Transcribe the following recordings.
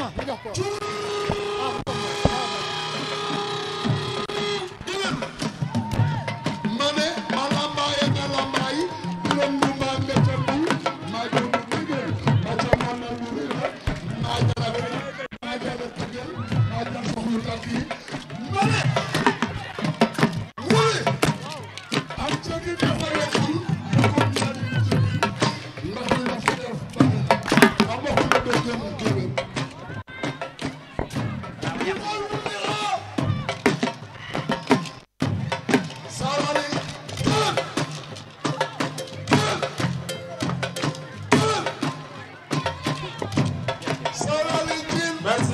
Toma, legal, pô.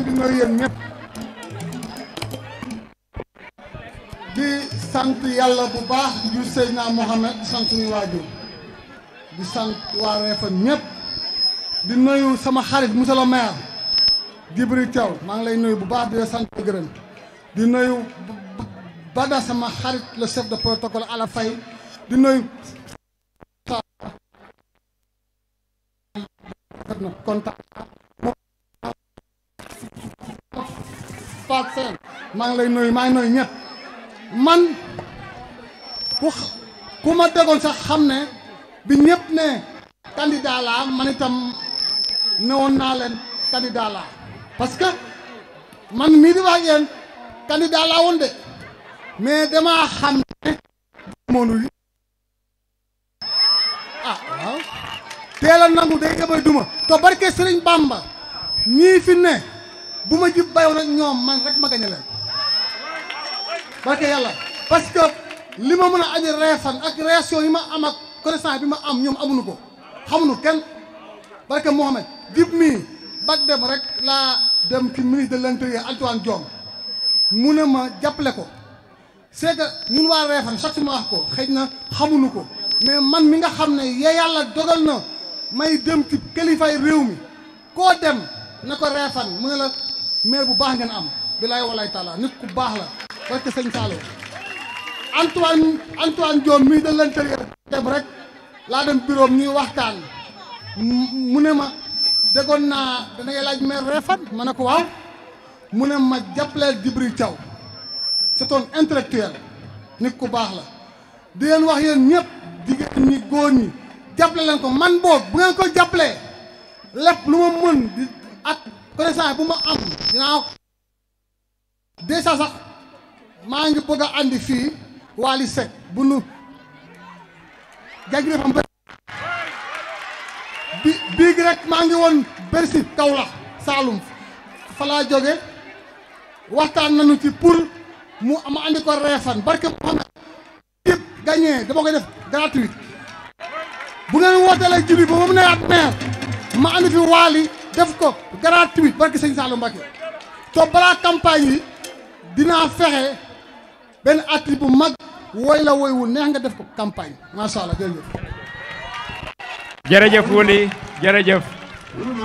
di nuyu yéen ñëpp di sant yàlla bu baax ju Seydina Mohamed sant di sant waa Réfane ñëpp di nuyu sama xarit di di nuyu bada sama xarit la chef de protocole ala di nuyu contact faat seen ngi lay nuyu maa ngi man ku ku ma déggoon sax xam ne bi ñëpp ne candidat man itam newoon naa leen candidat laa man mii di wax yéen candidat la wonde mais dama xamné ne moonu ah waaw teel a nangu day yëbay duma to barké serigne Bamba ñi fi né buma ma jib bayoon ak ñom man rek ma gagné leen barké yalla parce que lima mëna mën a aji reefan ak réaction yi ma am ak connaissance bi ma am ñom amuñu ko xamnu kenn barké mohammed dib mi bak dem rek la dem ci ministre de l'intérieur ya, Antoine diom mu ne ma jàppale ko c'est que ñun waa Refane chaque fois wax ko xëy na xamuñu ko mais man mi nga xam ne ya yàlla dogal na may dem ci kilifay réew mi koo dem na ko Refane mu ne la bu baax ngeen am bilaay walaay taala nit ku baax la parce que sëñ Saalum Antoine Antoine Diome mii de l'intérieur dem rek laa dem bureau mu ne ma déggoon naa dana laaj maire Refane ma ne ko waaw mune ma jàppaleel Djibril taw c'est un intellectuel nit ku bax la di len wax yeen ñep digeen ni goor ni jàppale len ko man bok bu ngeen ko jàppalee lepp lu mën di ak connaissance bu ma am dinaa déjà sax ma ngi bëgg andi fi, wali Seck bu nu jàngi fam bi biig rek ma ngi won Bercy Kaolack salum fala joge waxtaan nañu ci pour mu ma andi ko reefan barke Mouhamed yëpp gagné dama koy def gratuite bu ngeen wootelee jibi ba mu ne at ma andi fi waali def ko gratuite barke sëñ Saalum Mbacké to balaa campagne yi dinaa fexe benn atti bu mag wooy la wooy wu neex nga def ko campagne macha allah jërëjëf jërëjëf Wouly